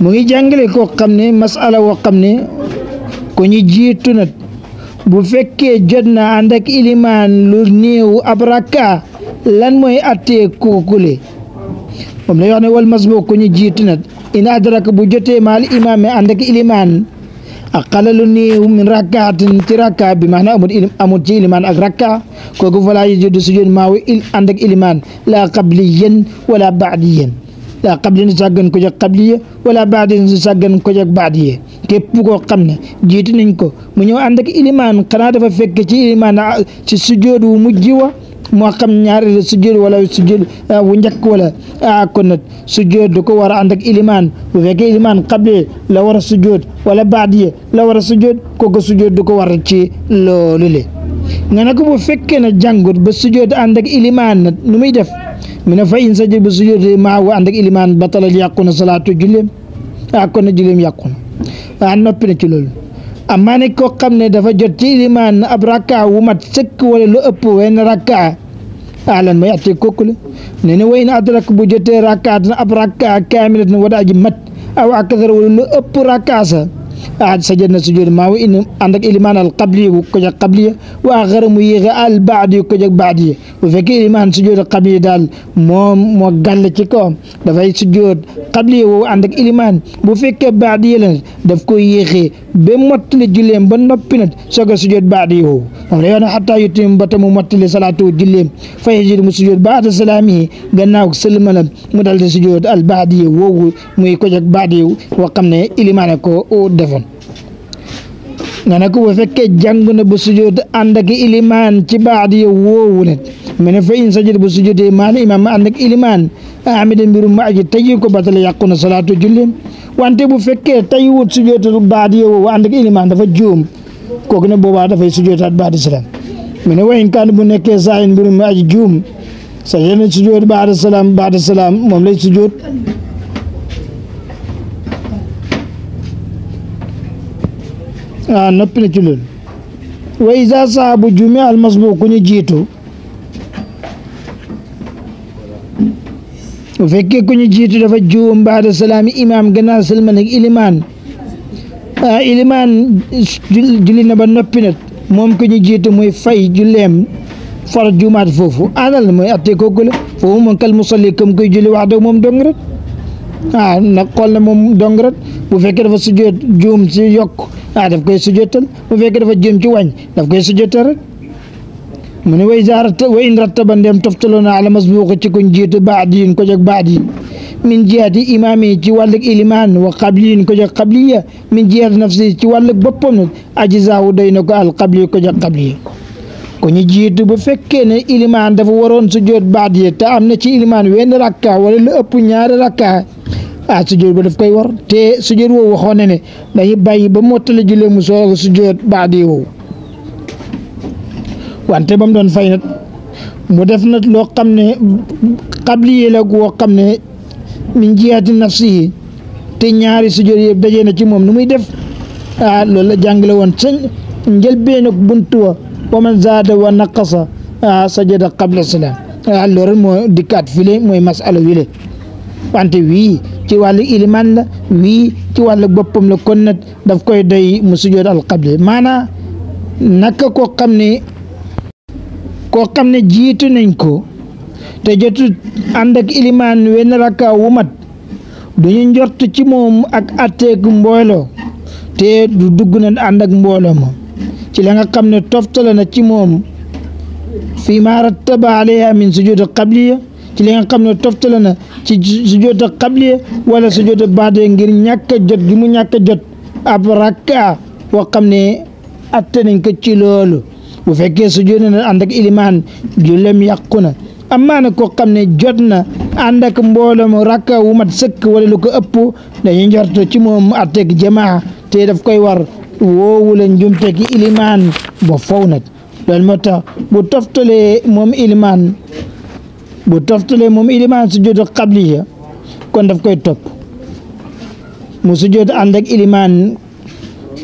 mu ngi jàngale koo xam ne masala woo xam ne ko ñu jiitu nag bu fekkee jot na ànd ilimaan lu néew ab rakka lan mooy attee kukule moom la wax wal masboo ko ñu jiitu nag in adraka bu jotee maal imaam ànd ilimaan aqalalu néew min rakkaatin ci rakka bi maanaam amul amul ci ilimaan ak rakka kooku falaa yajuuzu sujuud maawu il ànd ak ilimaan laa qabliyan wala baadiyan laa qabliyan su sàggan ko jag qabliya wala baadiyan su sàggan ko jag baadiya képp koo xam ne jiitu ko mu ñëw ànd ak ilimaan xanaa dafa fekk ci ilimaan ci sujuud wu mujj wa moo xam ñaari la sujjood wala sujjood bu ah, njëkk wala a ah, kon na sujjood da ko war a ànd ak ilimaan bu fekkee ilimaan xable la war a sujjood wala baadiye la war a sujjood kooku da ko war ci loolu le nga ne ko na jàngut ba sujjood ànd muy def mu ne fa in sajid ba sujjood maa wa ànd ak ilimaan batala yàqu na salaatu julleem a ah, ko nag julleem yàqu na noppi na ci loolu amaa ne koo xam ne dafa jot ci ilimaan ab rakka wu mat sëkk wala lu ëpp wenn rakka ahlan ma yàttee kokku la nee na way na adrak bu jotee rakkaat na ab rakkaa kaamilat na wada aji mat aw akasara wala lu ëpp rakkaa sa أحد سجدنا سجود ما وإن عندك إيمان القبلي وكج قبلي وآخر ميغ البعد وكج بعدي وفك إيمان سجود قبلي دال مم مقال تكم دفع سجود قبلي وعندك إيمان بفك بعدي لن دفكو ييغ بمطل جلهم بنبينت سجد سجود بعدي هو مريان حتى يتم بتم مطل صلاة جلهم فيجد مسجود بعد سلامه جناك سلم لهم مدل سجود البعدي وهو ميكج بعدي وقمنا إيمانك ودفع nga ne ko bu fekkee jàng na bu sujjoot ànd ak ilimaan ci baadiya woowu ne mu ne fa in sajid bu sujjootee maanaam imaam ànd ak ilimaan amida mbirum ma aji tey ko batale yàqu na salaatu julli wante bu fekkee tey wut sujjoot baadiya woowu and ak ilimaan dafa juum kooku ne boobaa dafay sujjootaat baadi salaam mu ne wa in kaan bu nekkee saayin mbirum ma aji juum sajid na sujjoot salaam baadi salaam moom lay sujjoot ah noppi na ci loolu wa isa saabu jume al masbu ku ñu jiitu bu fekkee ku ñu jiitu dafa juum baada salaami imaam gannaaw salman ak ilimaan ah ilimaan julli na ba noppi na moom ku ñu jiitu muy fay julleem far juumaat foofu ah, anal mooy attee kooku la foofu moom kal musalli comme koy julli wax dëgg moom dong rek ah nag xool na moom dong rek bu fekkee dafa sujjoot juum si yokk ah daf koy sujootal bu fekkee dafa jëm ci wàññ daf koy sujootal rek mu ne way jarat wa in rattaba ndem a ala masbuuqa ci kuñ jiitu baad yin ko jog baad yi min jihaati imaami ci wàllug ilimaan wa qabliyin ko jog qabliya min jihaati nafsi ci wàllug boppam nag ajizaawu doy na ko al qabli ko jog qabliya ko jiitu bu fekkee ne ilimaan dafa waroon su joot baad te am na ci ilimaan wenn rakka wala lu ëpp ñaari rakka ah sujjoot ba daf koy war te sujjoot woowu waxoon na ne dañuy bàyyi ba mottali jullee mu soog a sujjoot baax di woowu wante ba mu doon fay nag mu def na loo xam ne xabliye la woo xam ne min jihaati nafsi yi te ñaari sujjoot yëpp dajee na ci moom nu muy def ah, loolu la jàngale woon sa njëlbeen ak buntu wa wa man zaada wa naqasa ah sajada qabla salaam ah loolu moo dikkaat file mooy masala wile wante wii ci wàllu ilimaan la wii ci wàllu boppam la kon nag daf koy day mu sujjoot alqabli maanaam naka koo xam ne koo xam ne jiitu nañ ko te jotu ànd ilimaan wenn rakka wu mat duñu njort ci moom ak atteeg mbooloo te du dugg na ànd ak mbooloo ci la nga xam ne toftala na ci moom fi ma rattaba alayha min sujjoot alqabli ci li nga xam ne toftale na ci sujjoot a xabliye wala sujjoot a baadee ngir ñàkk jot gi mu ñàkk jot ab rakka boo xam ne atte nañ ko ci loolu bu fekkee sujjoot na ànd ak ilimaan jullem yàqu na amaa na koo xam ne jot na ànd ak mbooloo mu rakka wu mat sëkk wala lu ko ëpp dañuy njort ci moom atteeg jamaa te daf koy war woowu la njumte ki ilimaan ba faw nag bu toftalee moom ilimaan bu toftalee moom ilimaan sujjóot qabliya kon daf koy topp mu sujjóot ànd ak ilimaan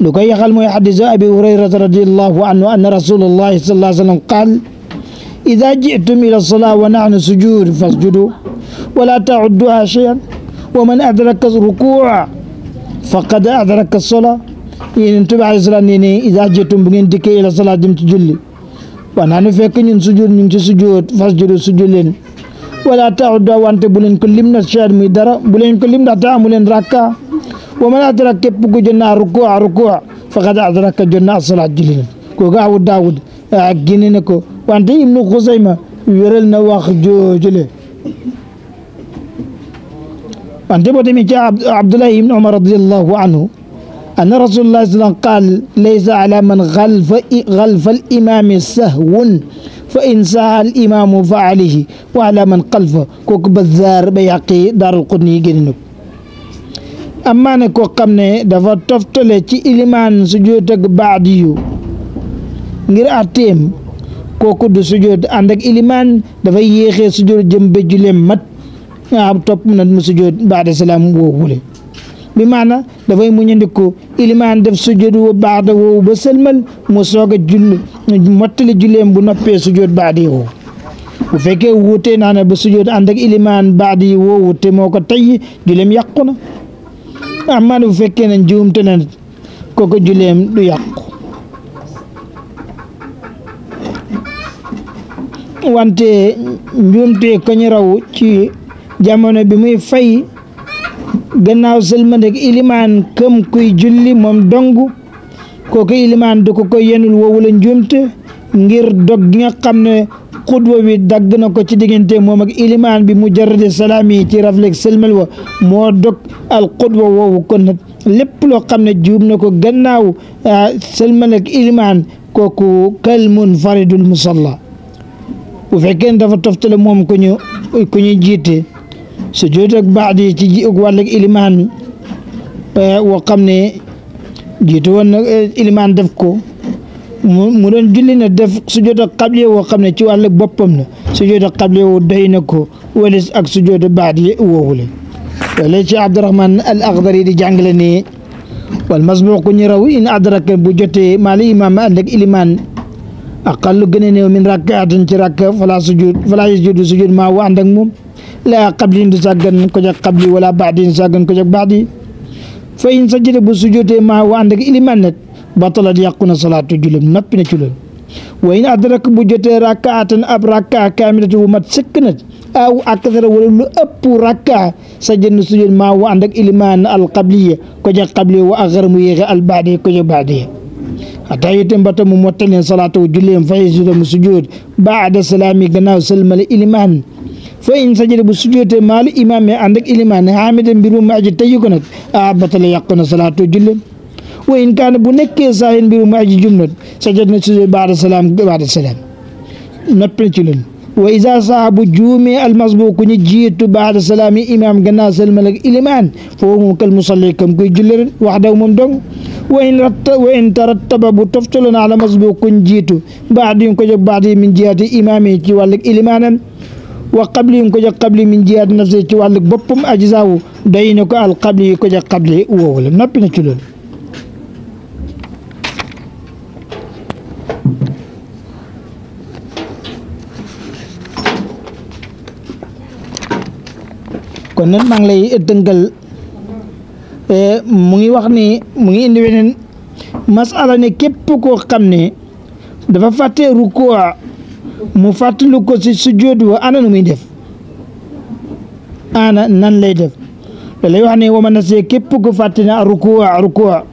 lu koy yaxal mooy xadisu abi hurayrata radiallahu anhu anna rasulallahi sallallahu alayhi wa sallam qaal إذا جئتم إلى الصلاة ونحن سجود فاسجدوا ولا تعدوها شيئا ومن أدرك الركوع فقد أدرك الصلاة yéen itam alayhi salaam nee ne idaa jëtum bu ngeen dikkee ila salaat jëm ci julli wa naa nu fekk ñun sujud ñu ngi ci sujud fas juru sujud leen ولا تعدوا وانت بولين كلم نشر ميدرا بولين كلم داتا مولين راكا ومن ادرك كب جنا ركوع ركوع فقد ادرك جنا صلاه جلين كوغا وداود اغينينكو وانت ابن خزيمه ويرل نواخ جوجله وانت بودي من عبد الله بن عمر رضي الله عنه أن رسول الله صلى الله عليه وسلم قال ليس على من غلف غلف الإمام سهو fa in saha fa alayhi wa man xalfa kooku bazaar ba yàqi daarul xutni génn na ko amma ne koo xam ne dafa toftale ci ilimaan sujoot ak baadi yu ngir àtteem kooku du sujoot ànd ak ilimaan dafay yéexee sujoot jëm ba juleem mat nga topp na mu sujoot baada salaam woowule bi maana dafay muñandiku ilimaan def sujjóot baada woowu ba sëlmal mu soog a julli mottali julleem bu noppee sujjóot baadi woowu bu fekkee wuutee naa ne ba sujjóot ànd ak ilimaan baadi woowu te moo ko tey julleem yàqu na amaa bu fekkee na kooku julleem ci jamono bi muy fay gannaaw sëlmantek ilimaan këm kuy julli moom dong kooku ilimaan du ko yenul woowu njuumte ngir dog gi nga xam ne xudwa wi dagg na ko ci diggante moom ak ilimaan bi mujarrade salaam yi ci rafleg sëlmal wa moo dog al xudwa woowu kon nag lépp loo xam ne juum na ko gannaaw ah, sëlmal ak kooku kal munfaridul musalla bu fekkee dafa toftale moom ku ñu jiite sujjóot ak baax ci ji ak wàllug ilimaan woo xam ne jiitu woon na eh, ilimaan def ko mu doon julli na def sujjóot ak xable woo xam ne ci wàllug boppam la sujjóot ak xable woo doy na ko walis ak sujjóot baax di woowu la wala ci Abdurahman al Akhdari di jàngale ne wal masbuqu ñu raw in adraka bu jotee maali imaam ànd ak ilimaan aqallu gën a néew min ci rakka falaa sujud falaa yasjudu sujud maa wa ànd ak moom laa qablin du sàggan ko jag qabli wala baadin sàggan ko jag baadi fa in sajjada bu sujjootee maa wa ànd ak ilimaan nag batalat yàqu salaatu julum noppi na ci wa in adrak bu jotee rakkaatan ab rakka kaamilatu bu mat sëkk na aw akthara wala lu ëpp rakka sajjad na maa wa ànd ak ilimaan al qabliya ko jag qabli wa axar mu yéexe al baadi ko jag baadi hatta itam ba ta mu mottalin salaatu julleem fa in sujjoot baada fa in sajada bu sujjootee maalu imaam mi ànd ak ilimaan ne xaamida mbirum aji tayyu ko nag a batala yàqu na salaatu julle wa in kaana bu nekkee saahin mbirum aji jumlat sajad na sujjoot baada salaam baada salaam noppi ci loolu wa isa saa bu juumee almasbu ku ñu jiitu baada salaam yi imaam gannaaw salmal ak ilimaan foofu moom kal musalli kam kuy julle ren wax daw moom dong wa in ratta wa in tarattaba bu toftaloon ala masbu ku ñu jiitu baada yu ko jóg baada yi min jiyaati imaam yi ci wàllug ilimaanam wa qabli yi ko ja mi min jihaat nafsi ci wàllu boppam ajzaawu doy na ko al qabli yi ko ja qabli woowu la noppi na ci loolu kon nag maa ngi lay dëngal e, mu ngi wax ni mu ngi indi weneen masala ne képp koo xam ne dafa fàtte rukkoo mu fàttali ko si sujjóot wa ana nu muy def ana nan lay def da lay wax ne wa ma nasee képp ku fàttali ne rukuwa rukuwa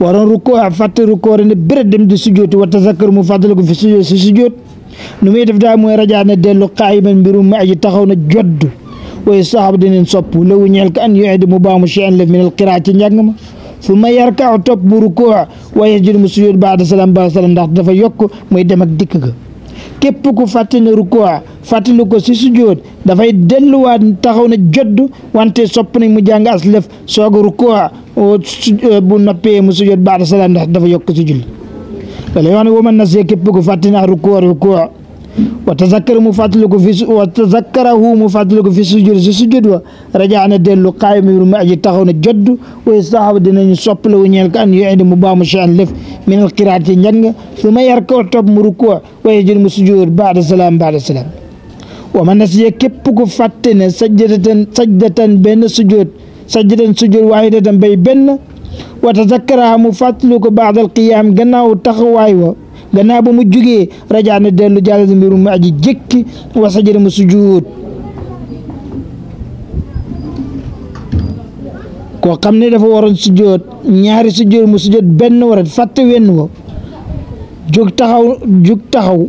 waroon rukuwa fàtte rukuwa ne bëre dem di sujjóot wa tazakkar mu fàttali ko fi sujjóot nu muy def daa mooy rajaa ne dellu qaayiman mbirum ma aji taxaw na jodd waaye saxaaba dinañ sopp lawu ñeel ko an yuidi mu baamu cheyan lef min al qiraa njàng ma su ma yarkaaw topp mu rukuwa waaye jël mu sujjóot baada salaam baada salaam ndax dafa yokk muy dem ak dikk ga képp ku fàtte ne rukkoo fàttali ko si sujjoot dafay delluwaat taxaw na jodd wante sopp nañ mu jàng aslëf soog a rukkoo e, bu noppee mu sujjoot baada salaam ndax dafa yokk si julli wala yoo xam ne woo man na see képp ku fàtte ne rukkoo rukkoo wa tazakkara mu fàttaliku fi wa tazakkarahu mu fàttaliku fi sujud si sujud wa rajaana dellu qaayima mu aji taxaw na jodd wa yastahab dinañu soppala wu ñeel ka an yuidi mu baamu chan lëf min al qiraat ci njàng suma yarko topp mu rukkoo wa yajid mu sujud baada salaam baada salaam wa man nasiya képp ku fàtte ne sajdatan sajdatan benn sujud sajdatan sujud waahidatan bay benn wa tazakkaraha mu fàttaliku baada al qiyaam gannaaw taxawaay wa gannaaw ba mu jógee rajaa na dellu jàllale mbirum mu aji jëkki wa sajada mu sujuud koo xam ne dafa waroon sujood ñaari sujood mu sujood benn warat fàtte wenn wa jug taxaw jug taxaw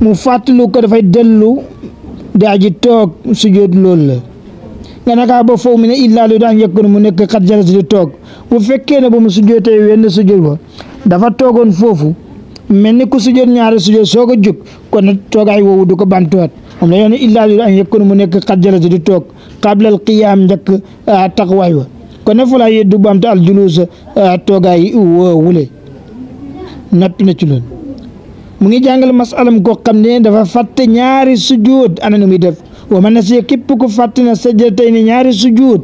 mu fàttalu ko dafay dellu daa ji toog sujood lool la nga nakaa ba foofu mu ne illaa lu daan yekkoon mu nekk xat jalas di toog bu fekkee ne ba mu sujootee wenn sujood ba dafa toogoon foofu mel ni ku sujjoot ñaari sujjoot soog a jóg kon nag toogaay woowu du ko bantuwaat moom la yoon illaa lu an yëkkunu mu nekk xat jalasa di toog qablal qiyaam njëkk taxawaay wa kon ne falaa yeddu baamte al juluus toogaay woowule natt na ci loolu mu ngi jàngal masalam koo xam ne dafa fàtte ñaari sujjoot ana nu muy def wa man na si képp ku fàtte na sajdatayni ñaari sujjoot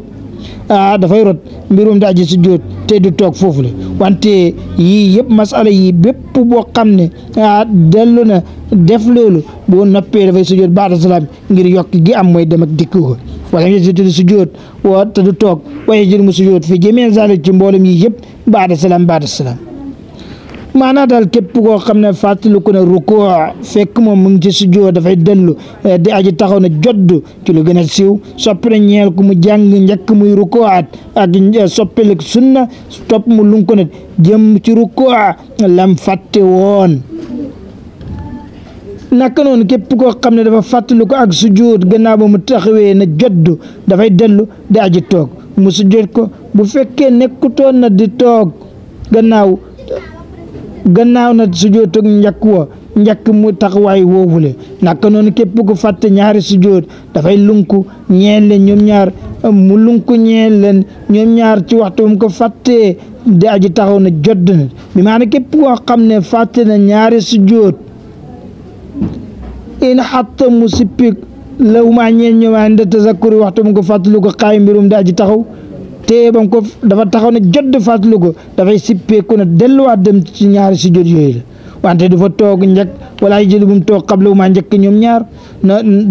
dafay rot mbirum daa ji sujjoot te du toog foofu la wante yii yëpp masala yii bépp boo xam ne ah dellu na def loolu boo noppee dafay sujjoot baata salaam ngir yokk gi am mooy dem ak dikk ko wala nga jotee sujjoot wa te du toog waaye jël mu sujjoot fi jëmee zaale ci mboolem yi yëpp baata salaam baata maanaa képp koo xam ne fàttaliku ne rukuu fekk moom mu ngi ci sujjoo dafay dellu eh, di aji taxaw na jodd ci lu gën siiw soppi na ñeel ku mu jàng njëkk muy rukuu at ak eh, soppilik sunna topp mu lu jëm ci rukuu lam fàtte woon naka képp koo xam ne dafa fàttali ko ak sujjuud gannaaw ba mu taxawee na jodd dafay dellu di aji toog mu sujjood ko bu fekkee nekkutoon na di toog gannaaw gannaaw na sujjóot ak njàkk wa njàkk mu taxawaay woowule naka noonu képp ko fàtte ñaari sujjóot dafay lunku ñeen leen ñoom ñaar mu lunku ñeel leen ñoom ñaar ci waxtu mu ko fatte di aji taxaw na jodd na bi maanaam képp koo xam ne fàtte na ñaari sujjóot in xatta mu sippik la wu maa ñeel ñoom ànd tazakkuri waxtu mu ko fàttaliku xaay mbirum di aji taxaw te bam dafa taxaw ne jodd fàttali ko dafay sippeeku ne delluwaat dem ci ñaari si yooyu la wante du fa toog njëkk wala ay jëli toog xabla wu maa njëkk ñoom ñaar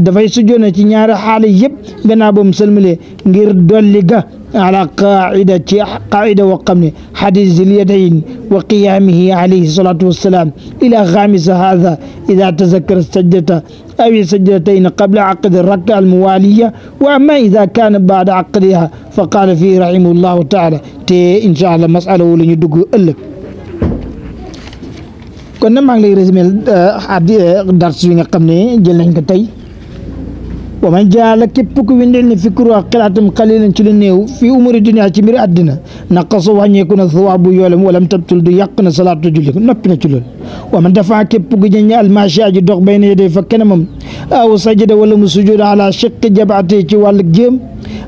dafay sujjoon ci ñaari xaale yëpp gannaaw ba mu sëlmalee ngir dolli ga على قاعدة قاعدة وقمن حديث اليدين وقيامه عليه الصلاة والسلام إلى خامس هذا إذا تذكر السجدة أو السجدتين قبل عقد الركعة الموالية وأما إذا كان بعد عقدها فقال فيه رحمه الله تعالى تي إن شاء الله مسألة ولن يدقوا ألف كنا معلي رزمي ngi lay وين قمني جلنا nga wa man jaala képp ku windeel ne fikru ak xalaatam xalilan ci lu néew fii umuri dunia ci mbiri àddina naqasu wàññeeku na sawaabu yoolam walam tabtul du yàq na salaatu julli noppi na ci loolu wa man dafa képp ku jëñ almaashi aji dox bayna yaday fa kanamam aw sajada wala mu sujud ala shiqi jabaate ci wàllu jéem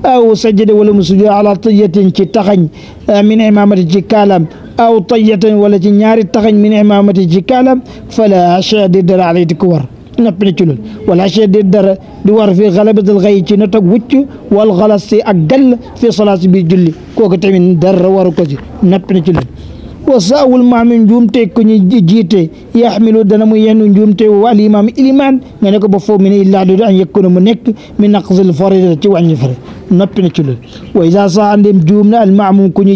aw sajada wala mu sujud ala tayatin ci taxañ ah, min imaamati ci kaalaam aw tayatan wala ci ñaari taxañ min imaamati ci kaalaam fala asha di dara alayte ku war noppi na ci loolu wala chey di dara di war fii xalabatal xëy ci not ak wucc wal xalas si ak gàll fii salaat si biir julli kooku tamit dara waru ko si noppi na ci loolu wa saawul maami njuumte ko ñu jiite yaxmilu dana mu yenn njuumte wa al imaam ilimaan nga ne ko ba foofu mi ne illaa du an yëkkuna mu nekk mi naqsil farida ci wàññi fare noppi na ci loolu wa isa saa andem juum na al maamum ku ñu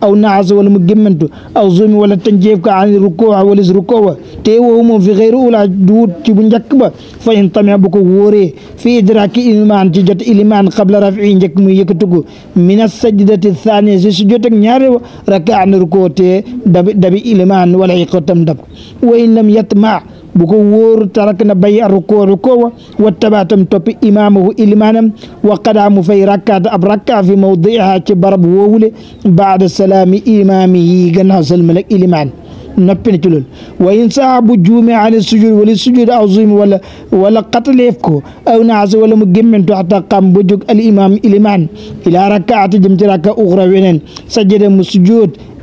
aw naas wala mu gémmantu aw zumi wala tanjeef ka an rukowa wala si rukowa te woowu moom fi xëyri ula duut ci bu njëkk ba fa in tamee bu ko wóoree fi idraki ilimaan ci jot ilimaan qabla rafi njëkk muy yëkkatugu min asajdati thania si su jot ak ñaari raka an rukowa te dabi dabi ilimaan wala iqatam dab wa in lam yatma buko wóor tarakna bay a rukkoo rukkoowa wattabatam toppi imamahu ilimanam wa qadamu fay rakkaata ab rakka fi mawdiiha ci barab woowule baada salaami imamihi gannaaw salmalak iliman noppina ci loolu wa in saha bu juume ani sujud wala sujud aw zuumi wala wala qatleef ko aw naasa wala mu gémmantu xata qam ba jóg al imam iliman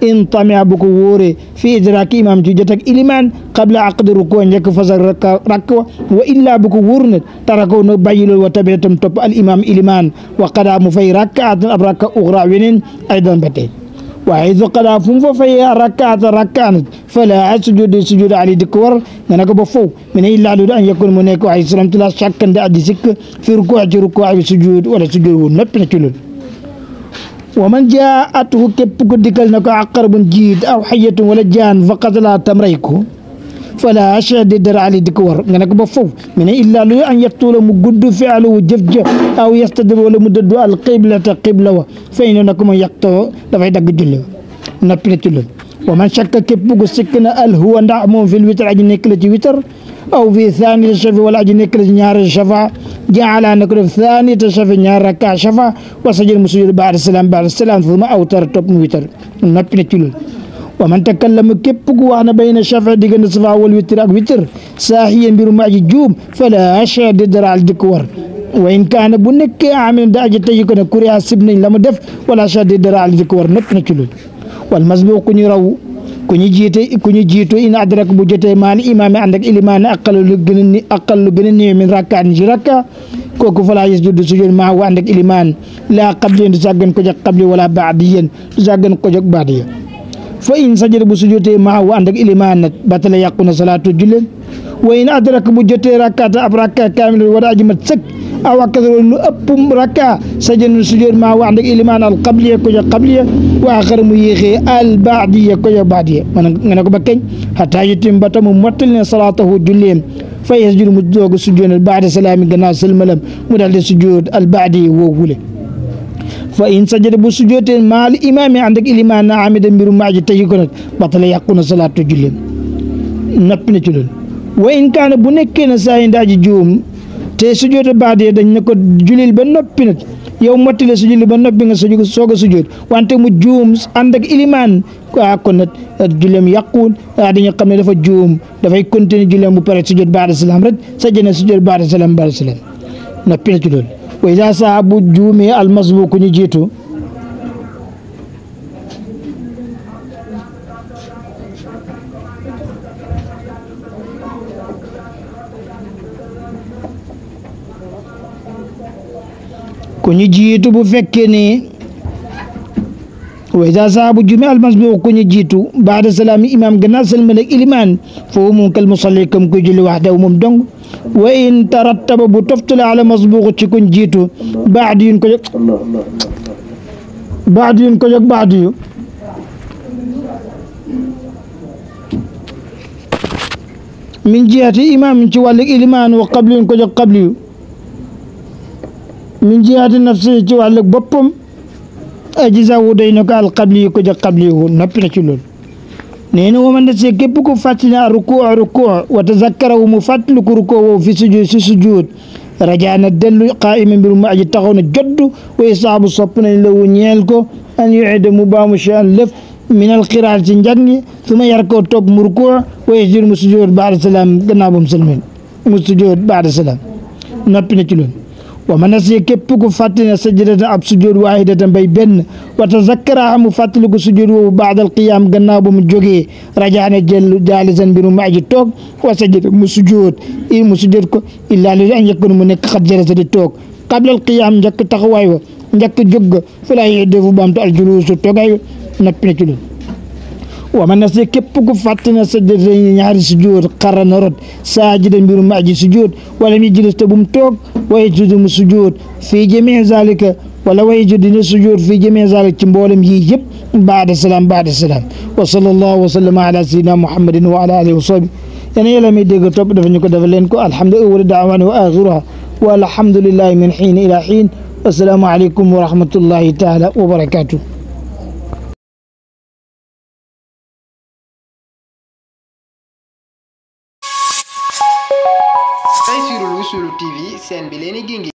in tamia bu ko wóoree fi idraaki imaam ci jot ak ilimaan qabla aqdi rukuwa njëkk fasal rakk wa wa illaa bu ko wóor na tarako na bàyyi loolu wa tabee tam topp al imaam ilimaan wa qadaa mu fay rakkaatan ab rakka uxra weneen aydan ba tey وحيث قد فم فيا ركعة ركعة فلا سجود سجود علي دكور أنا كبفو من إلا لود أن يكون منك عليه السلام تلا شك أن في ركوع ركوع سجود ولا سجود نبنا كلون wa man jaatuhu képp ko dikkal na ko aqrabun jiid aw xayatun wala jaan faqad laa tamray ko fala chadi dara ali di ko war nga ne ko ba foofu mu ne illaa luy an yaqtuula mu gudd fialuhu jëf ja aw yastadir wala mu dëddu al qiblata qibla wa fay na ko ma yaqtoo dafay dagg julli noppi na ci loolu wa man shakka képp ko sikk na al huwa ndax moom fil witar aji nekk la ci witar aw fi thaniyati shafi wala aji nekk la ci ñaareel shafa jaala na ko def thaniyata shafi ñaar rakka shafa wa sajid mu sujud baada salaam baada salaam thumma awtar topp mu witar noppi na ci loolu wa man takallama képp ku wax na bayna shafa diggante safa wal witir ak witir saaxiyan mbiru ma aji juum fala shay di dara al dikk war wa in kaana bu nekkee amin da aji tey ko ne kuriya sib nañ la mu def wala shay di dara al dikk war noppi na ci loolu wal masbuq ku ñu raw ku ñu jiite ku ñu jiitu in adrak bu jotee maan imaam ànd ak ilimaane aqal lu gën a ni aqal lu gën a néew min rakkaan ci rakka kooku falaa yasjudu sujud maa wa ànd ak ilimaan laa qabli du sàggan ko jag qabli wala baadiyan du sàggan ko jag baadiya fa in sajada bu sujudee maa wa ànd ak ilimaan nag batala yàqu na salaatu julleen wa in adrak bu jotee rakkaata ab rakka kaamil wala aji mat sëkk aw akthar wala lu ëpp rakka sajanu sujjoot maa wax dëgg ilimaan al qabliya ko ja qabliya wa axar mu yéexee al baadiya ko ja baadiya nga ne ba keñ xataa yutim ba tamu mottal ne salaatahu julleem fa yasjudu mu doog a sujjoot baada salaami gannaaw sëlmalam mu daal di sujjoot al baadi woowule fa in sajada bu sujjootee maal imaam ànd ak ilimaan na amida mbiru maaji tey ko nag salaatu julleem noppi na ci wa in kaana bu nekkee ne saa juum te sujjóotu baadee dañ ne ko julil ba noppi nag yow mottile su julli ba noppi nga sujjóot soog a sujjóot wante mu juum ànd ak ilimaan ah kon nag ah, julleem yàquwul ah dañu xam ne dafa juum dafay continuer julleem bu pare sujjóot baada salaam rek sa jëne sujjóot baada salaam baada salaam noppi na ci loolu wa iza saa bu juumee almasbuuku ñu jiitu ku ñu jiitu bu fekkee ne wa iza saabu jumi almasbu ku ñu jiitu baada salaami imaam gannaaw salmal ak ilimaan foofu moom kal musalli kam koy julli wax daw moom dong wa in tarattaba bu toftale ala masbuuq ci kuñ jiitu baadi yun ko jóg baadi yun ko jóg baadi yu min jihati imaam ci wàllu ilimaan wa qabli yun ko jóg qabli yu من جهة نفسي جو على بابم أجزاء ودينك على قبلي كذا قبلي هو نبلا كلون نين هو من نسي كبك فاتنا ركوع ركوع وتذكره مفات ركوع في سجود في سجود رجعنا الدل قائما بالما أجتغون الجد ويصعب الصبنا لو نيالكو أن يعد مبام شأن لف من القراءة الجنة ثم يركو توب مركوع ويجير مسجود بعد السلام جنابهم سلمين مسجود بعد السلام نبلا كلون wa man nasiya képp ku fàttali ne sajadatan ab sujjood waahidatan bay benn wa tazakkaraha mu fàttali ko sujjood woowu baadal qiyaam gannaaw ba mu jógee rajaane jël jaalisan mbiru mu aji toog wa sajada mu sujjood il mu sujjood ko illaa li an yakun mu nekk xat jalasa di toog qabla al qiyaam njëkk taxawaay wa njëkk jóg ga falaa yu'addibu baamtu al juluusu toogaay wa noppi na ci loolu wa man nasiya képp ku fàttali ne sajadatan ñaari sujjood xarra na rot saajida mbiru mu aji sujjood wala mi jilis te bu mu toog ويجد مسجود في جميع ذلك ولا ويجد السجود في جميع ذلك تنبولم يجب بعد السلام بعد السلام وصلى الله وسلم على سيدنا محمد وعلى اله وصحبه يعني يلا مي ديغ توب داف نيكو داف لين الحمد لله دعوان واخرها والحمد لله من حين الى حين والسلام عليكم ورحمه الله تعالى وبركاته seen bi leen di gingi